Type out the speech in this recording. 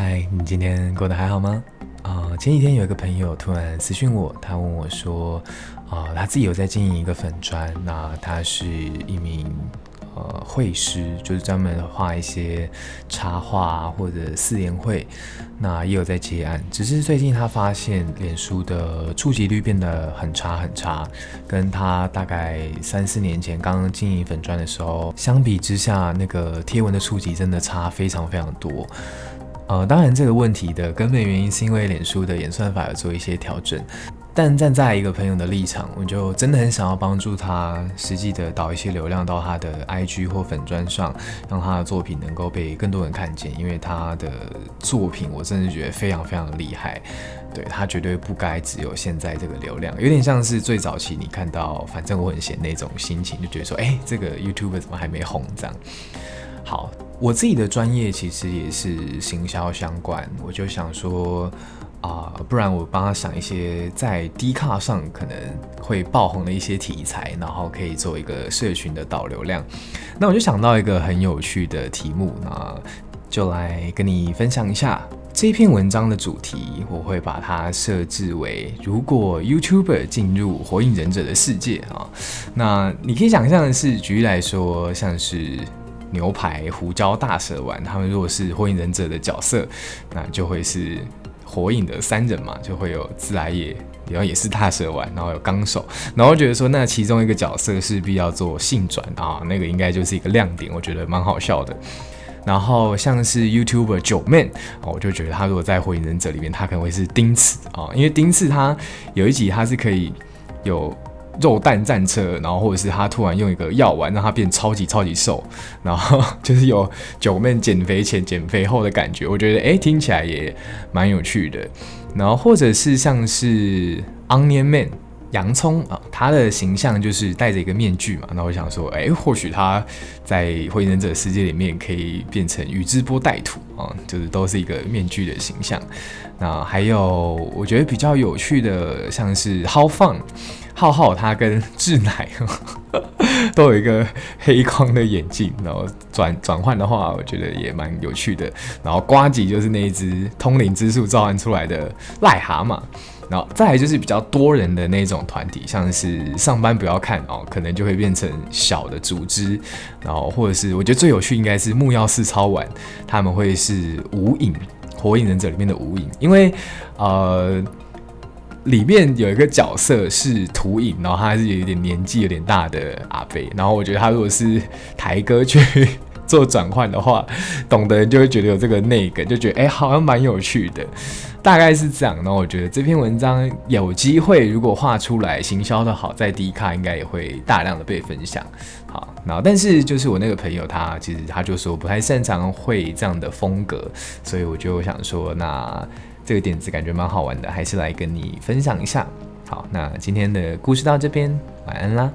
嗨，Hi, 你今天過得還好嗎？啊、uh,，前幾天有一個朋友突然私訊我，他問我說，啊、uh,，他自己有在經營一個粉專，那他是一名呃、uh, 繪師，就是專門畫一些插畫或者四聯會，那也有在接案，只是最近他發現臉書的觸及率變得很差很差，跟他大概三四年前剛剛經營粉專的時候，相比之下，那個貼文的觸及真的差非常非常多。呃，當然這個問題的根本原因是因為臉書的演算法有做一些調整，但站在一個朋友的立場，我就真的很想要幫助他，實際的導一些流量到他的 IG 或粉專上，讓他的作品能夠被更多人看見，因為他的作品我真的覺得非常非常厲害，對他絕對不該只有現在這個流量，有點像是最早期你看到，反正我很閒那種心情，就覺得說，誒、欸，這個 YouTuber 怎麼還沒紅這樣，好。我自己的專業其實也是行銷相關，我就想說，啊、呃，不然我幫他想一些在 Dcard 上可能會爆紅的一些題材，然後可以做一個社群的導流量。那我就想到一個很有趣的題目，那就來跟你分享一下這一篇文章的主題。我會把它設置為：如果 YouTuber 進入火影忍者的世界啊，那你可以想象的是，舉例來說，像是，牛排胡椒大蛇丸，他們如果是火影忍者的角色，那就會是火影的三人嘛，就會有自來也，然後也是大蛇丸，然後有綱手，然後我覺得說那其中一個角色勢必要做性轉啊，那個應該就是一個亮點，我覺得蠻好笑的。然後像是 YouTube r 九 a n 我就覺得他如果在火影忍者裡面，他可能會是丁次啊，因為丁次他有一集他是可以有。肉彈戰車，然後或者是他突然用一個藥丸讓他變超級超級瘦，然後就是有 Joeman 減肥前、減肥後的感覺，我覺得哎聽起來也蠻有趣的。然後或者是像是 Onion Man（ 洋蔥）啊，他的形象就是戴着一個面具嘛。那我想說，哎，或許他在火影忍者世界裡面可以變成宇智波帶土啊，就是都是一個面具的形象。那還有我覺得比較有趣的像是 How Fun。浩浩他跟志乃 都有一個黑框的眼鏡，然後轉轉換的話，我覺得也蠻有趣的。然後呱吉就是那一隻通靈之術召喚出來的癩蛤蟆，然後再來就是比較多人的那種團體，像是上班不要看哦，可能就會變成小的組織，然後或者是我覺得最有趣應該是木曜四超玩，他們會是五影，火影忍者裡面的五影，因為呃。裡面有一個角色是土影，然後他還是有一點年紀有點大的阿飛，然後我覺得他如果是台哥去 做轉換的話，懂的人就會覺得有這個那個，就覺得哎、欸、好像蠻有趣的，大概是這樣。然後我覺得這篇文章有機會如果畫出來，行銷得好，在 D 卡應該也會大量的被分享。好，然後但是就是我那個朋友他其實他就說不太擅長畫這樣的風格，所以我就想說那。這個點子感覺蠻好玩的，還是來跟你分享一下。好，那今天的故事到這邊，晚安啦。